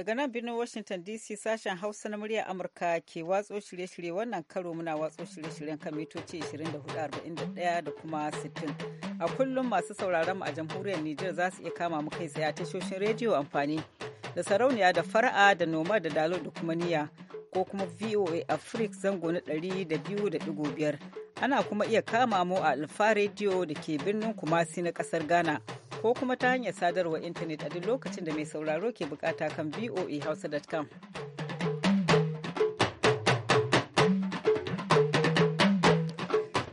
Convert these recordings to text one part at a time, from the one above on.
Daga nan birnin Washington DC sashen Hausa na murya Amurka ke watso shirye-shirye wannan karo muna watso shirye-shiryen kan mitoci 24,41 da kuma 60. A kullum masu sauraron mu a jamhuriyar niger za su iya kama mu kai tsaye a tashoshin rediyo amfani da sarauniya da fara'a da noma da dalo da kuma niya ko kuma VOA afrik zango na da biyar Ana kuma iya kama mu a Alfa rediyo da ke birnin Kumasi na kasar Ghana. ko kuma ta hanyar sadarwa intanet a duk lokacin da mai sauraro ke bukata kan voahausa.com.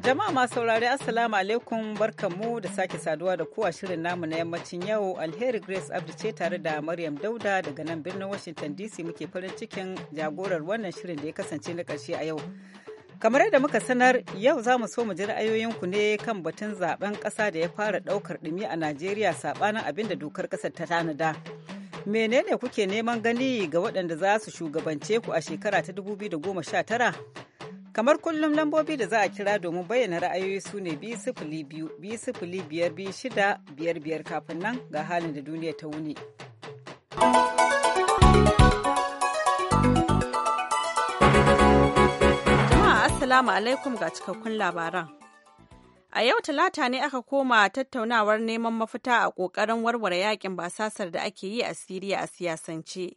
Jama'a masu saurari Assalamu alaikum barkanmu da sake saduwa da kowa shirin namu na yammacin yau alheri Grace Abdi ce tare da Maryam Dauda daga nan birnin Washington DC muke farin cikin jagorar wannan shirin da ya kasance na karshe a yau. kamar yadda muka sanar yau za mu so mu ji ra'ayoyinku ne kan batun zaben ƙasa da ya fara ɗaukar ɗumi a najeriya saɓanin abinda dokar ƙasar ta tanada menene kuke neman gani ga waɗanda za su shugabance ku a shekara ta 2019 kamar kullum lambobi da za a kira domin bayyana ra'ayoyi su ne biyar biyar shida biyar kafin nan ga halin da duniya ta wuni. Assalamu alaikum ga cikakkun labaran. A yau talata ne aka koma tattaunawar neman mafita a ƙoƙarin warware yakin basasar da ake yi a Siriya a siyasance.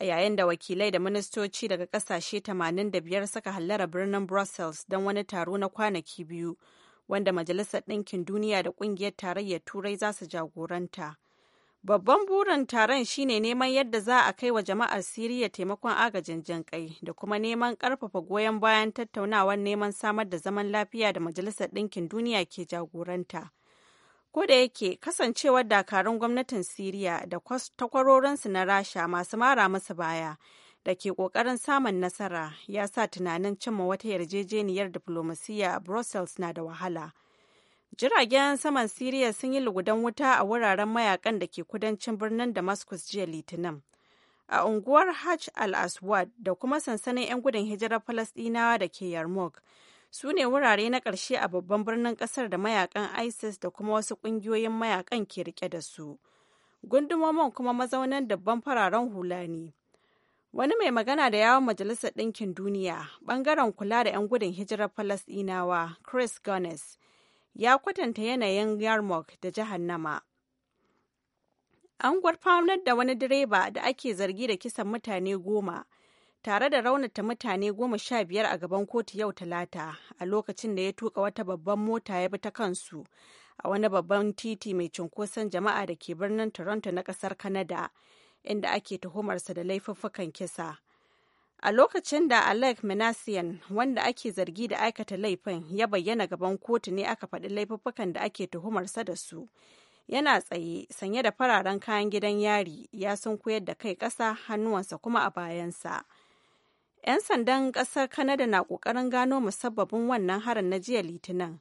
A yayin da wakilai da ministoci daga ƙasashe 85 suka hallara birnin Brussels don wani taro na kwanaki biyu, wanda Majalisar Ɗinkin Duniya da Ƙungiyar Tarayyar Turai za su jagoranta. Babban burin taron shine neman yadda za a kai wa jama'ar Siriya taimakon agajin jinƙai da kuma neman ƙarfafa goyon bayan tattaunawar neman samar da zaman lafiya da Majalisar Ɗinkin Duniya ke jagoranta. Ko da yake kasancewar dakarun gwamnatin Siriya da takwarorinsu na Rasha masu mara masa baya da ke ƙoƙarin samun nasara ya sa tunanin cimma wata yarjejeniyar diflomasiyya a Brussels na da wahala. Jiragen saman Siriya sun yi lugudan wuta a wuraren mayakan da ke kudancin birnin Damascus jiya Litinin. A unguwar Hajj al-Aswad da kuma sansanin 'yan gudun hijirar Falasdinawa da ke Yarmouk su ne wurare na ƙarshe a babban birnin ƙasar da mayakan ISIS da kuma wasu ƙungiyoyin mayakan ke rike da su. Gundumomin kuma mazaunan dabban fararen hula ne. Wani mai magana da yawon Majalisar Ɗinkin Duniya, ɓangaren kula da 'yan gudun hijirar Falasɗinawa, Chris Gunness, ya kwatanta yanayin Yarmouk da Nama. An gwarfanar da wani direba da ake zargi da kisan mutane goma, tare da raunata mutane goma sha biyar a gaban kotu yau talata a lokacin da ya tuka wata babban mota ya bi ta kansu a wani babban titi mai cunkoson jama'a da ke birnin Toronto na kasar Kanada, inda ake tuhumarsa da laifuffukan kisa. a lokacin da alec menasian wanda ake zargi da aikata laifin ya bayyana gaban kotu ne aka faɗi laifuffukan da ake tuhumarsa da su yana tsaye sanye da fararen kayan gidan yari ya sun koyar da kai ƙasa hannuwansa kuma a bayansa 'yan sandan ƙasar kanada na ƙoƙarin gano musabbabin wannan harin na jiya litinin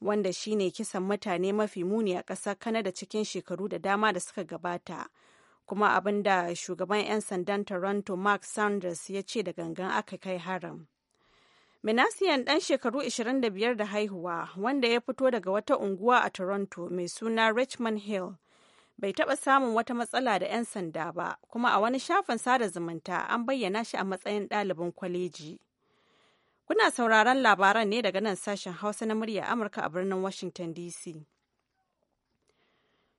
wanda shine kisan mutane mafi muni a ƙasar kanada cikin shekaru da dama da suka gabata kuma abin da shugaban 'yan sandan toronto mark sanders ya ce da gangan aka kai harin Minasiyan ɗan shekaru 25 da haihuwa wanda ya fito daga wata unguwa a Toronto mai suna Richmond Hill bai taɓa samun wata matsala da 'yan sanda ba kuma a wani shafin sada zumunta an bayyana shi a matsayin ɗalibin kwaleji. Kuna sauraron labaran ne daga nan sashen Hausa na murya Amurka a birnin Washington DC.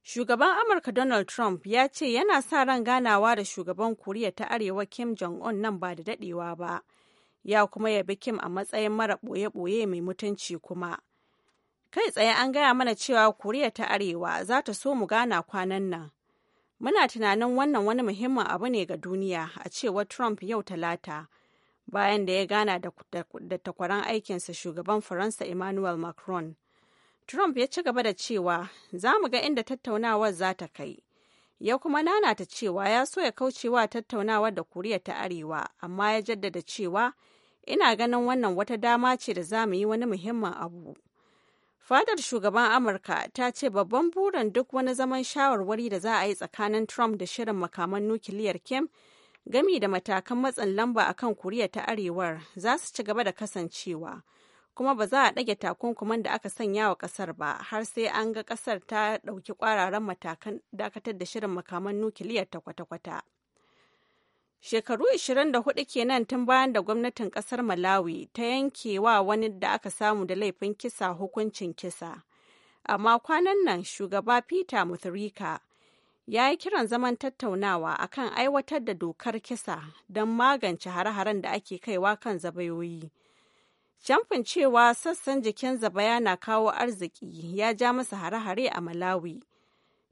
Shugaban Amurka Donald Trump ya ce yana sa ran ganawa da shugaban Koriya ta Arewa Kim Jong-un nan ba da daɗewa ba, ya kuma yabi Kim a matsayin mara ɓoye-ɓoye mai mutunci kuma. Kai tsaye an gaya mana cewa Koriya ta Arewa za ta so mu gana kwanan nan. Muna tunanin wannan wani muhimmin abu ne ga duniya a cewa Trump yau Talata, bayan da ya gana da takwaran aikinsa shugaban Faransa Emmanuel Macron. Trump ya ci gaba da cewa za mu ga inda tattaunawar za ta kai. Ya kuma nanata cewa ya so ya kaucewa tattaunawar da Koriya ta Arewa, amma ya jaddada cewa ina ganin wannan wata dama ce da za mu yi wani muhimmin abu. Fadar shugaban Amurka ta ce babban burin duk wani zaman shawarwari da za a yi tsakanin Trump da shirin makaman nukiliyar Kim gami da matakan matsin lamba akan Koriya ta Arewar za su ci gaba da kasancewa. kuma ba za a ɗage takunkuman da aka sanya wa ƙasar ba har sai an ga ƙasar ta ɗauki ƙwararren matakan dakatar da shirin makaman nukiliyar ta kwata-kwata. Shekaru 24 kenan tun bayan da gwamnatin ƙasar Malawi ta yanke wa wani da aka samu da laifin kisa hukuncin kisa. Amma kwanan nan shugaba Peter Mutharika ya yi kiran zaman tattaunawa akan aiwatar da dokar kisa don magance hare-haren da ake kaiwa kan zabayoyi. Shamfin cewa sassan jikin zabaya na kawo arziki ya ja masa hare-hare a Malawi.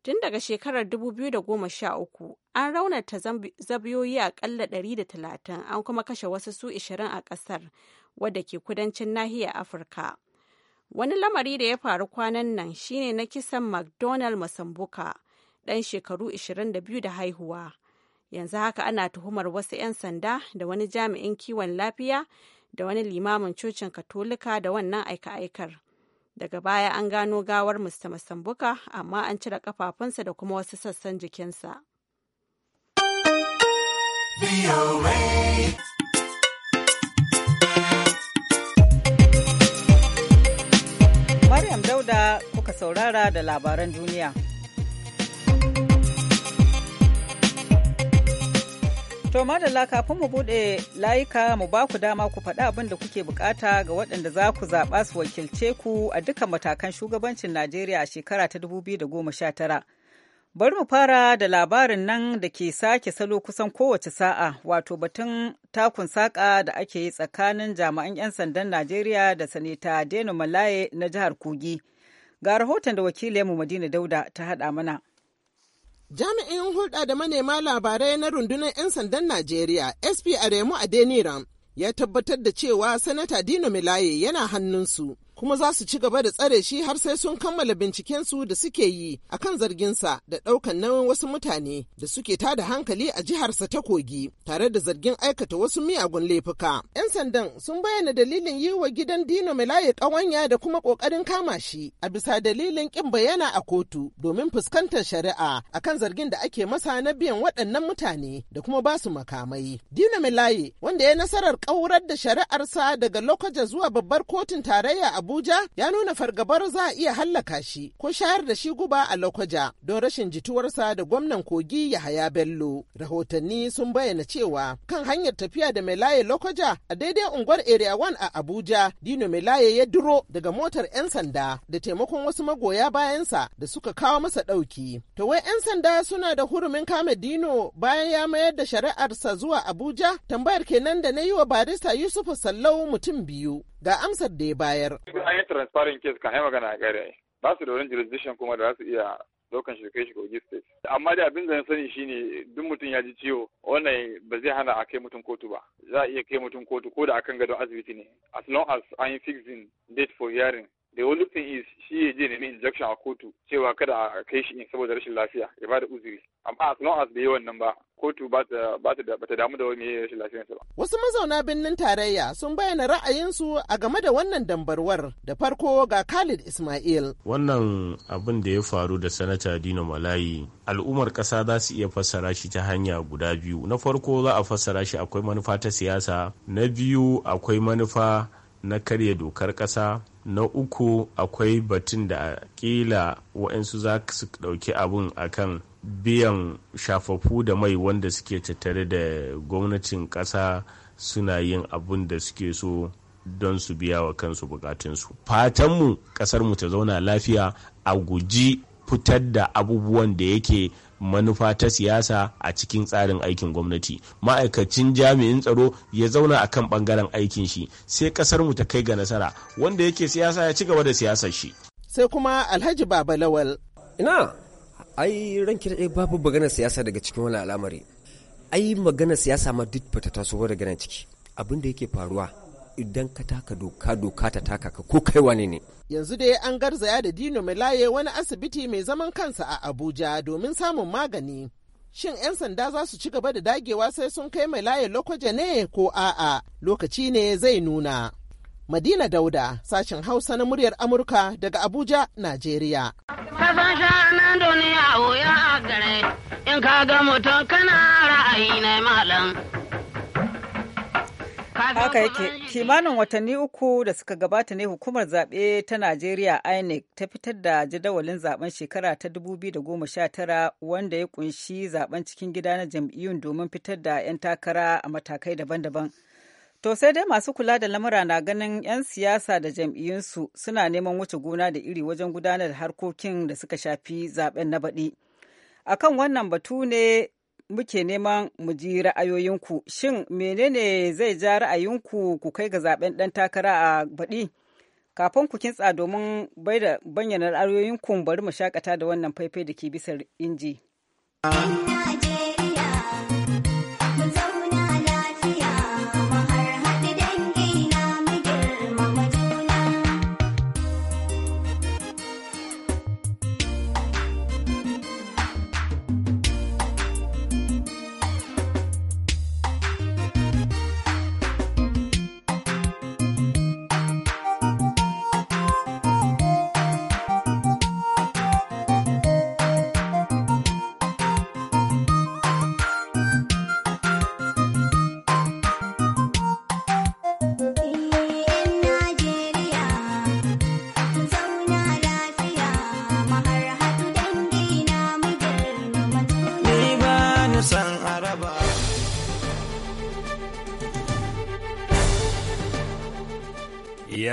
Tun daga shekarar 2013 an raunata zabiyoyi akalla 130 an kuma kashe wasu su 20 a ƙasar wadda ke kudancin nahiyar Afirka. Wani lamari da ya faru kwanan nan shine na kisan McDonald Masambuka, ɗan shekaru 22 da haihuwa. Yanzu haka ana tuhumar wasu 'yan sanda da wani jami'in kiwon lafiya da wani limamin cocin katolika da wannan aika-aikar daga baya an gano gawar mr masambuka amma an cire kafafunsa da kuma wasu sassan jikinsa Maryam Dauda kuka saurara da labaran duniya. To madalla kafin mu bude layuka mu ba ku dama ku faɗi abin da kuke bukata ga waɗanda za ku zaɓa su wakilce ku a dukkan matakan shugabancin Najeriya a shekara ta 2019. Bari mu fara da labarin nan da ke sake salo kusan kowace sa'a wato batun takun saƙa da ake yi tsakanin jami'an 'yan sandan Najeriya da Sanita Adenu Malaye na jihar Kogi. Ga rahoton da wakilinmu Madina Dauda ta haɗa mana. Jami'in hulɗa da manema labarai na rundunar 'yan sandan Najeriya, SP Aremu Adeniram, ya tabbatar da cewa Sanata Dino Milaye yana hannunsu. kuma za su ci gaba da tsare shi har sai sun kammala bincikensu da suke yi a kan zarginsa da ɗaukan nauyin wasu mutane da suke tada hankali a jiharsa ta kogi tare da zargin aikata wasu miyagun laifuka. 'Yan sandan sun bayyana dalilin yi wa gidan Dino Melaye ƙawanya da kuma ƙoƙarin kama shi a bisa dalilin ƙin bayyana a kotu domin fuskantar shari'a akan zargin da ake masa na biyan waɗannan mutane da kuma ba su makamai. Dino Melaye wanda ya nasarar ƙaurar da shari'arsa daga Lokoja zuwa babbar kotun tarayya a Abuja ya nuna fargabar za a iya hallaka shi ko shayar da shi guba a Lokoja don rashin jituwarsa da gwamnan Kogi Yahaya Bello. Rahotanni sun bayyana cewa kan hanyar tafiya da Melaye Lokoja a daidai unguwar Area 1 a Abuja, Dino mai Melaye ya duro daga motar 'yan sanda da taimakon wasu magoya bayansa da suka kawo masa ɗauki. To wai 'yan sanda suna da hurumin kama Dino bayan ya mayar da shari'arsa zuwa Abuja? Tambayar kenan da na yi wa barista Yusufu Sallau mutum biyu. Ga amsar da ya bayar. An yi transparent case kan yi magana a gare. Ba su da wani jurisdiction kuma da za su iya daukan shi kai shi kogi state amma da abin da na sani shine duk mutum ya ji ciwo wannan ba zai hana a kai mutum kotu ba za a iya kai mutum kotu ko da akan gado asibiti ne as long as an yi fixing date for hearing da eh, wani nufin shi ya je nemi injection a kotu cewa kada a kai shi saboda rashin lafiya ya bada uzuri amma as long as bai yi wannan ba kotu ba ta damu da wani rashin lafiya. ba. Wasu mazauna birnin tarayya sun bayyana ra'ayinsu a game da wannan dambarwar da farko ga Khalid Ismail. Wannan abin da ya faru da sanata Dino Malayi al'ummar ƙasa za su iya fassara shi ta hanya guda biyu. Na farko za a fassara shi akwai manufa ta siyasa, na biyu akwai manufa na karya dokar ƙasa na uku akwai batun da kila waɗansu za su ɗauki abun akan biyan shafafu da mai wanda suke tattare da gwamnatin ƙasa suna yin abun da suke so don su biya wa kansu bukatunsu fatanmu ƙasarmu ta zauna lafiya a guji fitar da abubuwan da yake manufa ta siyasa a cikin tsarin aikin gwamnati ma'aikacin jami'in tsaro ya zauna a kan bangaren aikin shi sai kasar mu ta kai ga nasara wanda yake siyasa ya ci gaba da siyasar shi sai kuma alhaji baba lawal ina ai ranki da babu maganar siyasa daga cikin wani al'amari ai magana siyasa ma duk bata taso daga nan ciki abin da yake faruwa idan ka taka doka doka ta taka ka ko kai wani ne yanzu dai an garzaya da dino mai laye wani asibiti mai zaman kansa a abuja domin samun magani shin 'yan sanda za su ci gaba da dagewa sai sun kai mai laye lokaje ne ko a'a lokaci ne zai nuna madina dauda sashen hausa na muryar amurka daga abuja najeriya duniya wuya gare in ka ga mutum kana ra'ayi ne malam haka yake kimanin watanni uku da suka gabata ne hukumar zaɓe ta najeriya inec ta fitar da jadawalin zaben shekara ta 2019 wanda ya kunshi zaben cikin gida na jam'iyyun domin fitar da 'yan takara a matakai daban-daban to sai dai masu kula da lamura na ganin 'yan siyasa da jam'iyyunsu suna neman wuce gona da iri wajen gudanar da harkokin da suka shafi zaben na baɗi. akan wannan batu ne muke neman mu ji ra'ayoyinku shin menene zai ja ra'ayinku ku kai ga zaben ɗan takara a baɗi kafin ku kintsa domin bayyana ra'ayoyinku bari mu shakata da wannan faifai da ke bisa inji.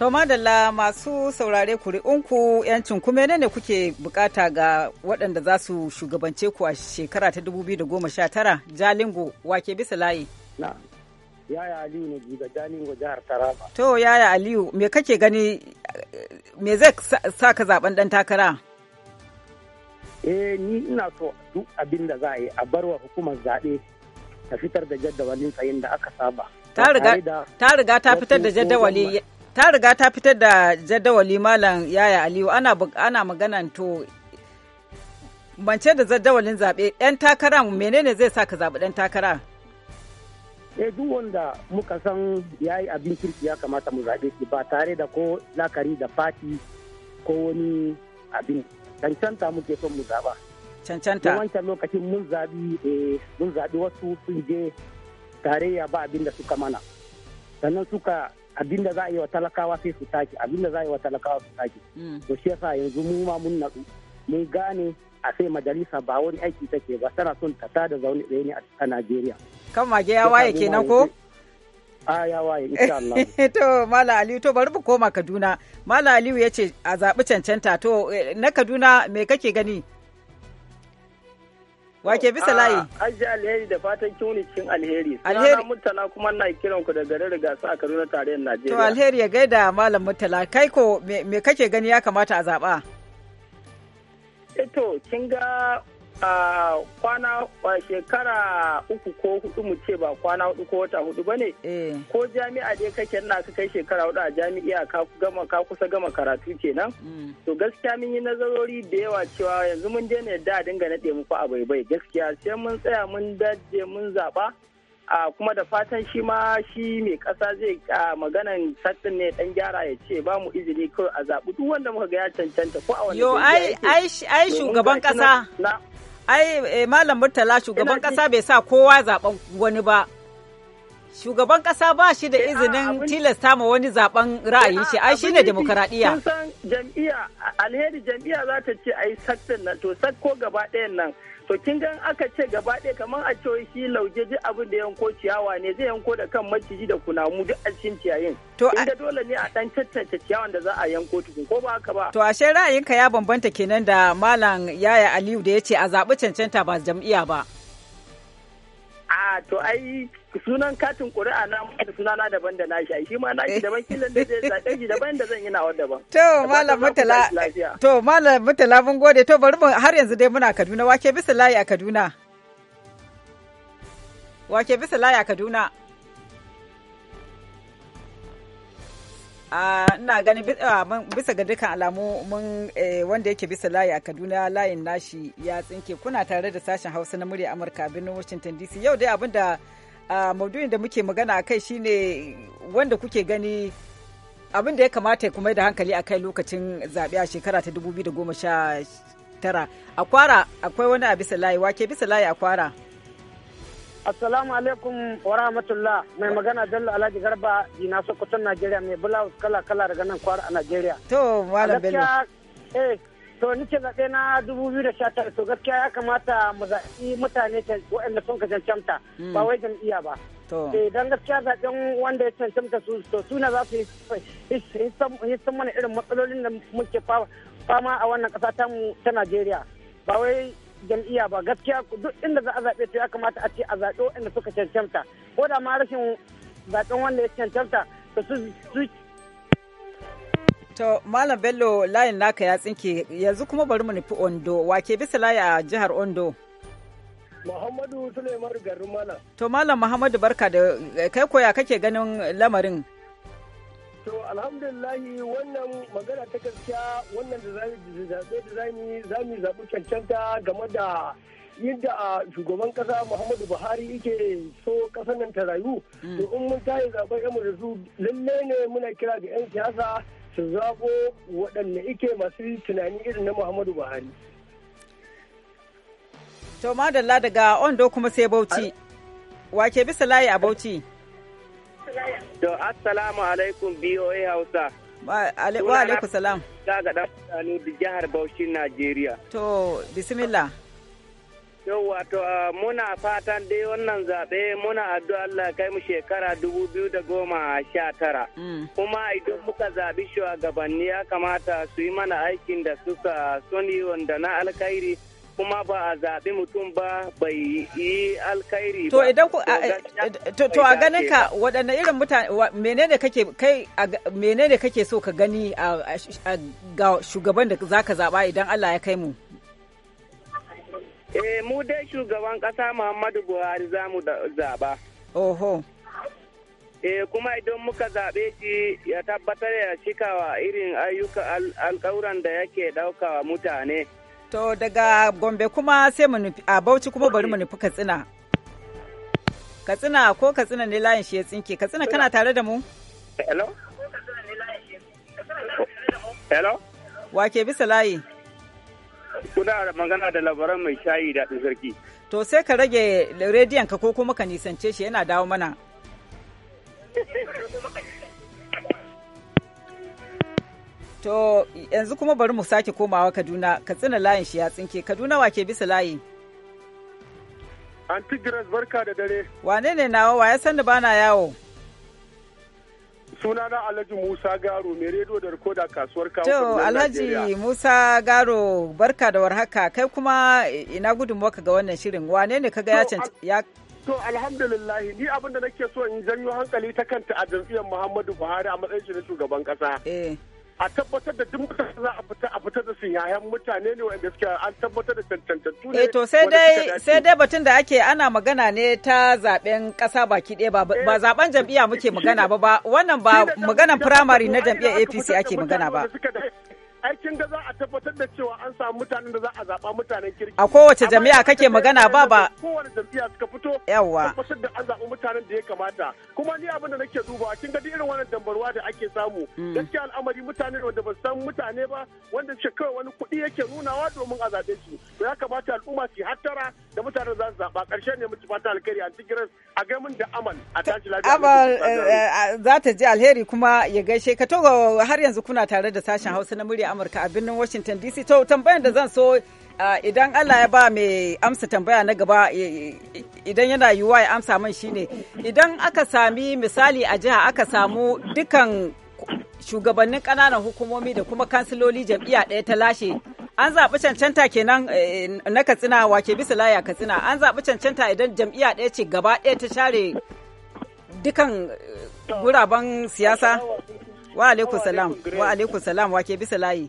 To madalla masu saurare kuri'unku yancin kuma ne kuke bukata ga waɗanda za su shugabance ku a shekara ta 2019 Jalingo wake bisa layi. Na, yaya Aliyu ne ga Jalingo jihar Taraba. To yaya Aliyu me kake gani me zai sa ka zaben ɗan takara? Eh ni ina so duk abin da za a yi a bar wa hukumar zaɓe ta fitar da jadawalin tsayin da aka saba. Ta riga ta fitar da jadawali ta riga ta fitar da jadawali malam yaya aliyu ana ana maganan to bance da jadawalin zabe yan takara menene zai sa ka zaɓi ɗan takara eh duk wanda muka san ya yi abin kirki ya kamata mu zaɓe shi ba tare da ko lakari da fati ko wani abin cancanta muke son mu zaɓa cancanta wancan lokacin mun zaɓi eh, mun zaɓi wasu sun je tarayya ba abin da suka mana sannan suka abinda za a yi wa talakawa sai su abin abinda za a yi wa talakawa su sake mm. to shi yasa yanzu mu ma mun nadu mun gane a sai majalisa ba wani aiki take ba tana son ta tada zaune da ne a Najeriya kan mage ya waye kenan ko a ya waye insha Allah to mala aliyu to bari mu koma Kaduna mala aliyu yace a zabi cancanta to eh, na Kaduna me kake gani Wake bisa layi. Ah, Aji alheri da fatan kyuni cikin alheri. Alheri. Murtala kuma na kiran ku da garin Rigasa a Kaduna tarayyar Najeriya. To alheri ya gaida Malam Murtala. Kai ko me kake gani ya kamata a zaba? Eto eh, kin ga A kwana a shekara uku ko hudu mu ce ba kwana hudu ko wata hudu ba ne eh. ko jami'a dai kake na ka kai shekara hudu a jami'a ka gama ka kusa gama karatu kenan mm. to gaskiya mun yi nazarori da yawa cewa yanzu mun daina yadda a dinga naɗe muku a bai gaskiya sai mun tsaya mun daje mun zaɓa a kuma da fatan shi ma shi mai kasa zai a maganan sattin ne dan gyara ya ce ba mu izini kawai a zaɓi duk wanda muka ga ya cancanta ko a wani yo ai ai shugaban kasa ai eh, malam murtala shugaban kasa bai sa kowa zaben wani ba shugaban kasa ba shi da eh, izinin tilasta ma wani zaben eh, ra'ayin shi ai shine demokaradiyya san jam'iyya alheri jam'iyya za ta ce ai sakta nan to sakko gaba ɗayan nan to kin gan aka ce gaba ɗaya kamar a ce shi lauje duk abin da yanko ciyawa ne zai yanko da kan maciji da kunamu duk a cikin ciyayin to inda dole ne a dan tattace ciyawan da za a yanko tukun ko ba haka ba to ashe ra'ayinka ya bambanta kenan da malam yaya aliyu da ya ce a zaɓi cancanta ba jam'iyya ba a to ai sunan katin ƙuri'a na da sunana daban da nashi ai shi ma nashi daban killan da zai zaɓe shi daban da zan yi nawa daban. To malam mutala to malam mutala mun gode to bari mu har yanzu dai muna Kaduna wake bisa layi a Kaduna. Wake bisa layi a Kaduna. ina gani bisa ga dukkan alamu mun eh, wanda yake bisa layi a kaduna layin nashi ya tsinke kuna tare da sashen hausa na murya amurka birnin washington dc yau dai abin da maudu'in da muke magana a kai shine wanda kuke gani abin da ya kamata ya kuma da hankali a kai lokacin zaɓe a shekara ta da 2019 a kwara akwai wani a bisa layi wake bisa layi a kwara Assalamu alaikum wa rahmatullah mai magana Bello Alhaji Garba Dina Sokoton Najeriya mai blouse kala kala daga nan kwara a Najeriya. To wala Bello. Eh to ni ce zaɓe na 2019 to gaskiya ya kamata mu zaɓi mutane waɗanda sun ka cancanta hmm. ba wai jam'iyya ba. to eh, dan gaskiya zaɓen wanda ya cancanta su to suna za su yi san mana irin matsalolin da muke fama a wannan ƙasa ta mu ta Najeriya ba wai jam'iyya ba gaskiya duk inda za a zaɓe to ya kamata a ce a zaɓe waɗanda suka cancanta ko da ma rashin zaɓen wanda ya cancanta to su To Malam Bello layin naka ya tsinke yanzu kuma bari mu nufi Ondo wake bisa layi a jihar Ondo. Muhammadu Suleiman Garin Malam. To Malam Muhammadu barka da kai koya kake ganin lamarin To alhamdulillahi wannan magana ta gaskiya wannan da zaɓe da za mu zaɓi cancanta game da yadda ah, shugaban kasa Muhammadu Buhari yake so ƙasar nan ta rayu. Mm. To in mun tayi zaɓen mu da su lalle ne muna kira ga 'yan siyasa su zaɓo waɗanne ike masu tunani irin na Muhammadu Buhari. To madalla daga Ondo kuma sai Bauchi. Wake bisa layi a Bauchi. To assalamu alaikum BOA Hausa. Wa alaikum salam. Ta ga dan Fulani da jihar Bauchi Najeriya. To bismillah. To wato muna fatan dai wannan zaɓe muna addu'a Allah kai mu shekara dubu biyu da goma sha tara. Mm. Kuma idan muka zaɓi shugabanni ya kamata su yi mana aikin da suka soni wanda na alkhairi kuma ba a zaɓi mutum ba bai yi alkhairi ba. To idan to a eh, eh, ganin ka waɗanne irin mutane menene kake kai menene kake so ka gani a ga shugaban da zaka zaɓa idan Allah ya kai mu? Eh mu dai shugaban ƙasa Muhammadu Buhari za mu zaɓa. Oho. eh kuma idan muka zaɓe shi ya tabbatar ya cikawa irin ayyuka alƙawuran da yake ɗaukawa mutane. To daga Gombe kuma sai mu nufi a Bauchi kuma bari mu nufi Katsina. Katsina ko Katsina ne layin shi ya tsinke. Katsina kana tare da mu? Hello? Hello? ke bisa layi? Kuna magana da labaran mai shayi daɗin sarki. To sai ka rage rediyon ka ko kuma ka nisance shi yana dawo mana. To yanzu kuma bari mu sake komawa Kaduna, Katsina layin shi ya tsinke. Kaduna wa ke bisa layi? Anti barka da dare. Wane ne nawa wa ya san da bana yawo? Sunana Alhaji Musa Garo mai redo da rikoda kasuwar kawo. To Alhaji Musa Garo barka da warhaka kai kuma e, ina waka ga wannan shirin wane ne kaga ya To alhamdulillah ni abin da nake so in janyo hankali ta kanta a jam'iyyar Muhammadu Buhari a matsayin shi na shugaban kasa. Eh. a tabbatar da duk mutane za a fita a fita da su yayan mutane ne wanda suke an tabbatar da tantantattu ne. Eh to sai dai sai dai batun da ake ana magana ne ta zaben kasa baki ɗaya ba ba eh, zaben jam'iyya muke magana ba ba wannan ba maganan firamare na jam'iyyar APC ake magana ba. aikin da za a tabbatar da cewa an samu mutanen da za a zaɓa mutanen kirki. A kowace jami'a kake magana ba ba. Kowace jami'a suka fito. Yawwa. Tabbatar da an zaɓi mutanen da ya kamata. Kuma ni abin da nake dubawa kin ga irin wannan dambarwa da ake samu. Mm. Gaskiya al'amari mutane wanda ba san mutane ba wanda suke kawai wani kuɗi yake nunawa domin a zaɓe su. To ya kamata al'umma su hattara da mutanen za su zaɓa. Ƙarshe ne muke fata alkhairi an a ga mun da aman. a tashi lafiya. Eh, eh, za ta ji alheri kuma ya gaishe ka to har yanzu kuna tare da sashen Hausa na murya Amurka a birnin Washington DC. To tambayan da zan so idan Allah ya ba mai amsa tambaya na gaba idan yana yiwuwa ya amsa man shine idan aka sami misali a jiha aka samu dukan shugabannin kananan hukumomi da kuma kansiloli jam'iyya ɗaya ta lashe an zaɓi cancanta kenan e, na katsina wake bisa laya katsina an zaɓi cancanta idan jam'iyya ɗaya ce gaba ɗaya ta share dukan e, guraben siyasa wa alaikun salam wa alaikun salam wa ke bisa layi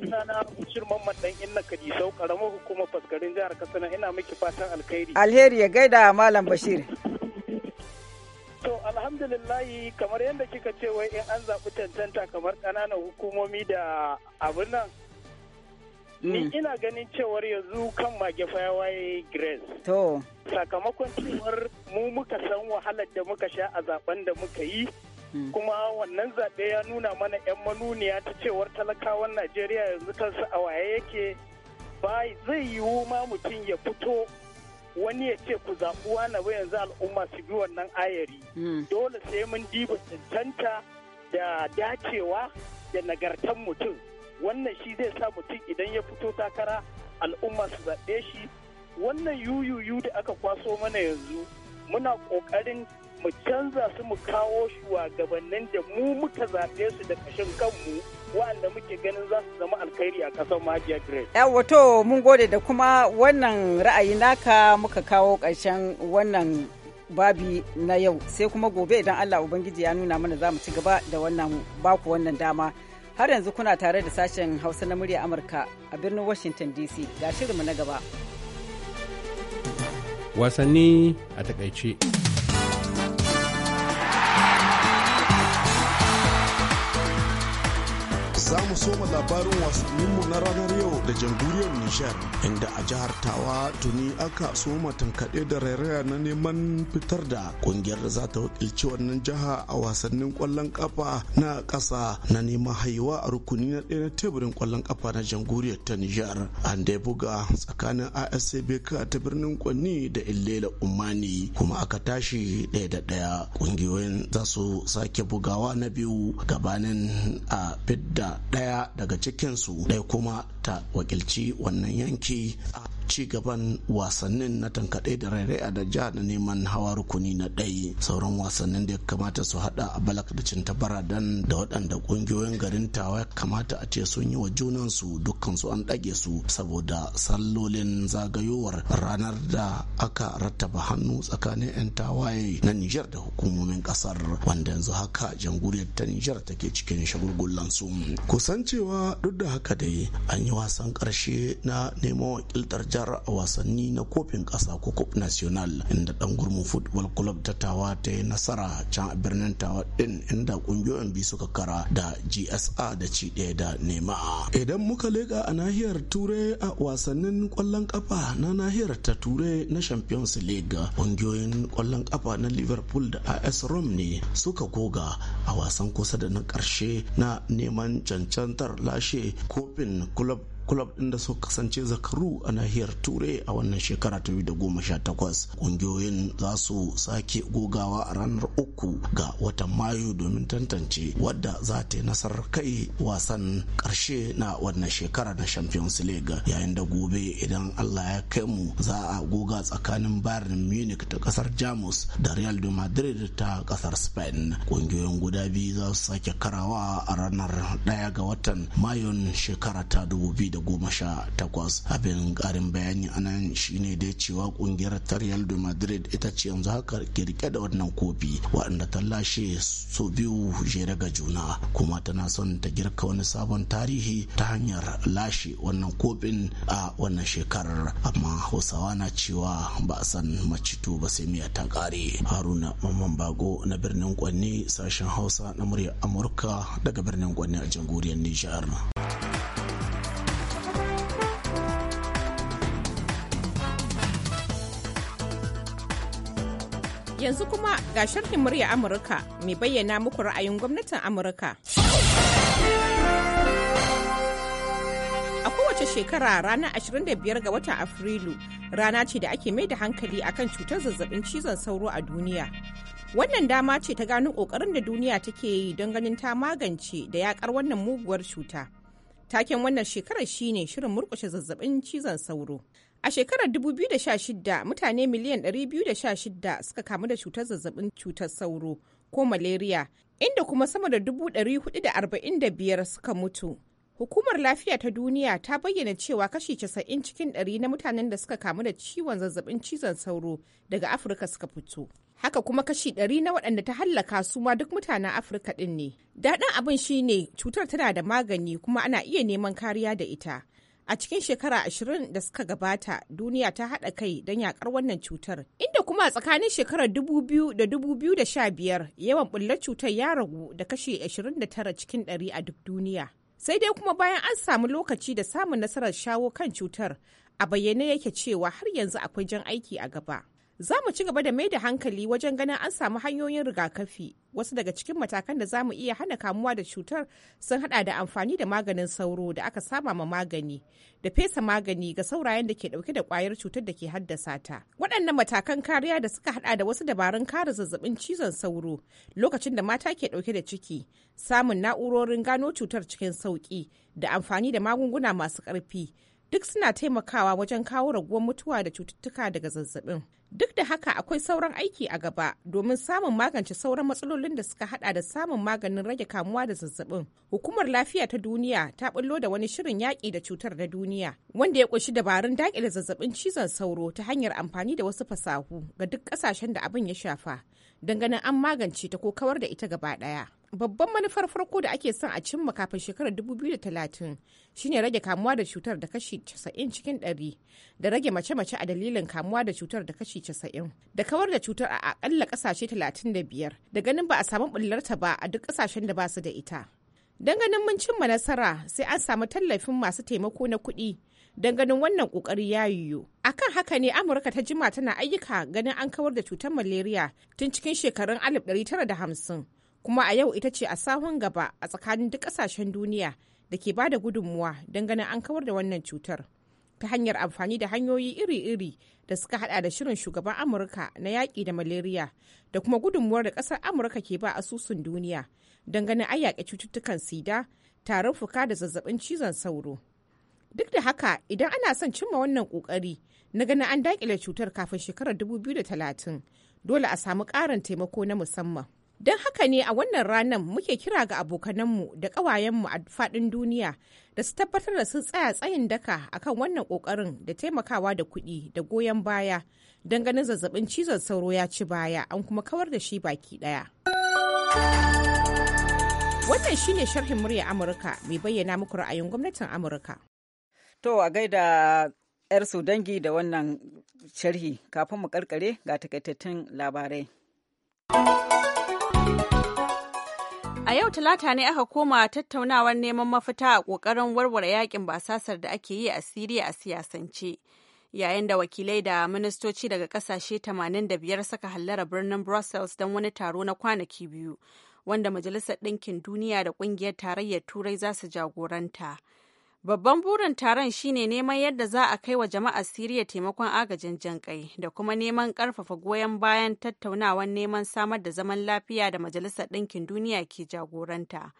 sunana Bashir Mamman dan Inna Kadisau karamar hukumar faskarin jihar Katsina ina miki fatan alkhairi alheri ya gaida malam Bashir To alhamdulillahi kamar yadda kika ce wai in an zaɓi tantanta kamar ƙananan hukumomi da abin nan ni mm. ina ganin cewar yanzu kan mage fayawaye grace to sakamakon cewar mu muka san wahalar da muka sha a zaben da muka yi Hmm. kuma wannan zaɓe ya nuna mana 'yan manuniya ta cewar talakawan najeriya yanzu kansu a waye yake ba zai yiwu ma mutum ya fito wani ya ce ku zaɓuwa na ba yanzu al'umma su bi wannan ayari hmm. dole sai mun diba cancanta da dacewa da nagartan mutum wannan shi zai sa mutum idan ya fito takara al'umma su zaɓe shi wannan yuyuyu da aka kwaso mana yanzu muna ƙoƙarin mu canza su mu kawo shugabannin da mu muka zaɓe su da kashin kanmu wanda muke ganin za su zama alkhairi a ƙasar Majiya Grace. Yawwa to mun gode da kuma wannan ra'ayi naka muka kawo ƙarshen wannan babi na yau sai kuma gobe idan Allah Ubangiji ya nuna mana za mu ci gaba da wannan baku wannan dama. Har yanzu kuna tare da sashen Hausa na murya Amurka a birnin Washington DC ga shirinmu na gaba. Wasanni a takaice. za mu soma labarin wasanninmu na ranar yau da jamhuriyar Nijar, inda a jihar Tawa tuni aka soma tankaɗe da rairaya na neman fitar da ƙungiyar da za ta wakilci wannan jiha a wasannin ƙwallon ƙafa na ƙasa na neman haihuwa a rukuni na ɗaya na teburin ƙwallon ƙafa na jamhuriyar ta Nijar. An da buga tsakanin ASCBK ta birnin Kwanni da Illela Umani kuma aka tashi ɗaya da ɗaya. Ƙungiyoyin za su sake bugawa na biyu gabanin a fidda ɗaya daga cikinsu ɗaya kuma ta wakilci wannan yanki a ci gaban wasannin na tankaɗe da rairaya da jihar da neman hawa rukuni na ɗaya sauran wasannin da ya kamata su haɗa a balak da cinta baradan da waɗanda ƙungiyoyin garin tawa kamata a ce sun yi wa junansu dukkansu an ɗage su saboda sallolin zagayowar ranar da aka rattaba hannu tsakanin 'yan tawaye na nijar da hukumomin ƙasar wanda yanzu haka jamhuriyar ta nijar take cikin shagulgullan kusan cewa duk da haka dai an yi wasan karshe na neman wakiltar jihar a wasanni na kofin kasa ko cup national inda dan gurmu football club ta tawa ta yi nasara can a birnin tawa din inda kungiyoyin biyu suka kara da gsa da ci ɗaya da nema idan muka leka a nahiyar turai a wasannin kwallon kafa na nahiyar ta turai na champions league kungiyoyin kwallon kafa na liverpool da as rome ne suka goga a wasan kusa da na ƙarshe na neman can cancantar lashe kofin club club din da suka kasance zakaru a nahiyar turai a wannan shekara ta da goma sha takwas ƙungiyoyin za su sake gogawa a ranar uku ga watan mayu domin tantance wadda za ta yi nasarar kai wasan ƙarshe na wannan shekara na champions league yayin da gobe idan allah ya kai mu za a goga tsakanin bayern munich ta kasar jamus da real de madrid ta kasar spain ƙungiyoyin guda biyu za su sake karawa a ranar ɗaya ga watan mayun shekara ta 2000 Goma sha takwas abin karin bayani anan shine dai cewa kungiyar ta real madrid ita ce yanzu haka kirke da wannan kofi waɗanda ta lashe su biyu jere daga juna kuma tana son ta girka wani sabon tarihi ta hanyar lashe wannan kofin a wannan shekarar amma hausawa na cewa ba a san macito ba sai miya ta kare haruna mamman bago na birnin kwanne sashen hausa na murya amurka daga birnin kwanne a jamhuriyar nijar yanzu kuma ga sharhin murya Amurka mai bayyana muku ra'ayin gwamnatin Amurka. A kowace shekara ranar 25 ga watan Afrilu rana ce da ake mai da hankali akan cutar zazzabin cizon sauro a duniya. Wannan dama ce ta gano ƙoƙarin da duniya take yi don ganin ta magance da yaƙar wannan muguwar cuta. Taken wannan shekarar shine shirin murƙushe zazzabin cizon sauro. A shekarar 2016 mutane miliyan 216 suka kamu da cutar zazzabin cutar sauro ko malaria inda kuma sama da 445 suka mutu. Hukumar Lafiya ta Duniya ta bayyana cewa kashi 90 cikin 100 na mutanen da suka kamu da ciwon zazzabin cizon sauro daga Afirka suka fito. Haka kuma kashi 100 na waɗanda ta hallaka su ma duk mutanen Afirka ɗin ne. Daɗin abin shine cutar tana da magani kuma ana iya neman kariya da ita. A cikin shekara ashirin da suka gabata, duniya ta haɗa kai don yakar wannan cutar, inda kuma a tsakanin shekarar 2000 da 2015 yawan bullar cutar ya ragu da kashi 29 cikin 100 a duk duniya. Sai dai kuma bayan an samu lokaci da samun nasarar shawo kan cutar, a bayyane yake cewa har yanzu akwai jan aiki a gaba. za mu ci gaba da mai da hankali wajen ganin an samu hanyoyin rigakafi wasu daga cikin matakan da za mu iya hana kamuwa da cutar sun hada da amfani da maganin sauro da aka saba ma magani da fesa magani ga saurayen da ke dauke da kwayar cutar da ke haddasa ta waɗannan matakan kariya da suka hada da wasu dabarun kare zazzabin cizon sauro lokacin da mata ke dauke da ciki samun na'urorin gano cutar cikin sauki da amfani da magunguna masu ƙarfi duk suna taimakawa wajen kawo raguwar mutuwa da cututtuka daga zazzabin. Duk da haka akwai sauran aiki a gaba domin samun magance sauran matsalolin da suka hada da samun maganin rage kamuwa da zazzabin. Hukumar lafiya ta duniya ta bullo da wani shirin yaƙi da cutar da duniya wanda ya ƙunshi dabarun daƙile zazzabin cizon sauro ta hanyar amfani da wasu fasahu ga duk ƙasashen da abin ya shafa. dangane an magance ta ko kawar da ita gaba ɗaya. babban manufar farko da ake son a cimma kafin shekarar 2030 shine rage kamuwa da cutar da kashi 90 cikin 100 da rage mace-mace a dalilin kamuwa da cutar da kashi 90 da kawar da cutar a akalla kasashe 35 da ganin ba a samu bullarta ba a duk kasashen da ba su da ita. Don ganin mun cimma nasara sai an samu tallafin masu taimako na kuɗi don ganin wannan kokari ya yiwu. Akan haka ne Amurka ta jima tana ayyuka ganin an kawar da cutar malaria tun cikin shekarun 1950. kuma a yau ita ce a sahun gaba a tsakanin duk ƙasashen duniya da ke ba da gudunmuwa don ganin an kawar da wannan cutar ta hanyar amfani da hanyoyi iri-iri da suka hada da shirin shugaban amurka na yaƙi da malaria da kuma gudunmuwar da ƙasar amurka ke ba asusun duniya don ganin an yaƙi cututtukan sida tarin fuka da zazzabin cizon sauro duk da haka idan ana son cimma wannan ƙoƙari na ganin an daƙile cutar kafin shekarar 2030 dole a samu ƙarin taimako na musamman Don haka ne a wannan ranar muke kira ga abokananmu da ƙawayenmu a faɗin duniya da su tabbatar da sun tsaya tsayin daka akan wannan ƙoƙarin da taimakawa da kuɗi da goyon baya don ganin zazzabin cizon sauro ya ci baya an kuma kawar da shi baki ɗaya. Wannan shine sharhin murya Amurka mai bayyana muku ra'ayin gwamnatin Amurka. To a gaida 'yar su dangi da wannan sharhi kafin mu karkare ga takaitattun labarai. A yau Talata ne aka koma tattaunawar neman mafita a ƙoƙarin warware yakin basasar da ake yi a Siriya a siyasance. Yayin da wakilai da ministoci daga ƙasashe 85 suka hallara birnin Brussels don wani taro na kwanaki biyu, wanda Majalisar Ɗinkin Duniya da Ƙungiyar Tarayyar Turai za su jagoranta. Babban burin taron shine neman yadda za a kai wa jama'a Siriya taimakon agajin jankai da kuma neman ƙarfafa goyon bayan tattaunawan neman samar da zaman lafiya da Majalisar Ɗinkin Duniya ke jagoranta.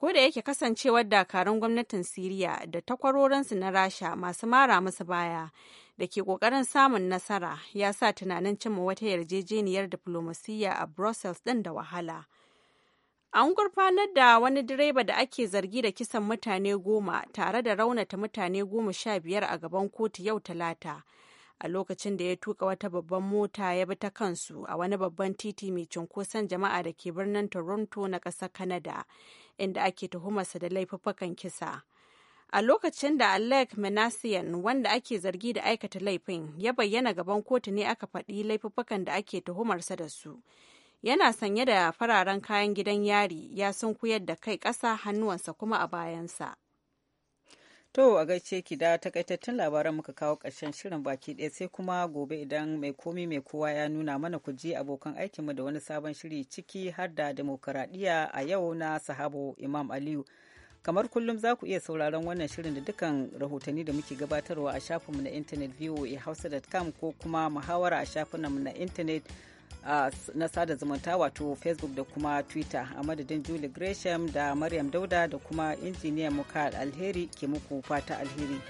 Ko da yake kasancewar dakarun gwamnatin Siriya da takwarorinsu na Rasha masu mara musu baya da ke ƙoƙarin samun nasara ya sa tunanin cimma wata yarjejeniyar diflomasiyya a Brussels ɗin da wahala. An gurfanar da wani direba da ake zargi da kisan mutane goma tare da raunata mutane goma sha biyar a gaban kotu yau talata a lokacin da ya tuka wata babban mota ya bi ta kansu a wani babban titi mai cunkoson jama'a da ke birnin Toronto na ƙasar Canada inda ake tuhumarsa da laifuffukan kisa. A lokacin da Alec Menasian wanda ake zargi da aikata laifin ya bayyana gaban kotu ne aka faɗi laifuffukan da ake tuhumarsa da su. yana sanye da fararen kayan gidan yari ya sunkuyar da kai ƙasa hannuwansa kuma a bayansa. To a gaice ki da takaitattun labaran muka kawo ƙarshen shirin baki ɗaya sai kuma gobe idan mai komi mai kowa ya nuna mana ku ji abokan aikinmu da wani sabon shiri ciki har da demokaradiyya a yau na sahabo Imam Aliyu. Kamar kullum za ku iya sauraron wannan shirin da dukan rahotanni da muke gabatarwa a shafinmu na intanet voahausa.com ko kuma muhawara a shafinmu na intanet na sada zumunta wato facebook da kuma twitter a madadin julie gresham da maryam dauda da kuma injiniyan muka alheri ke muku fata alheri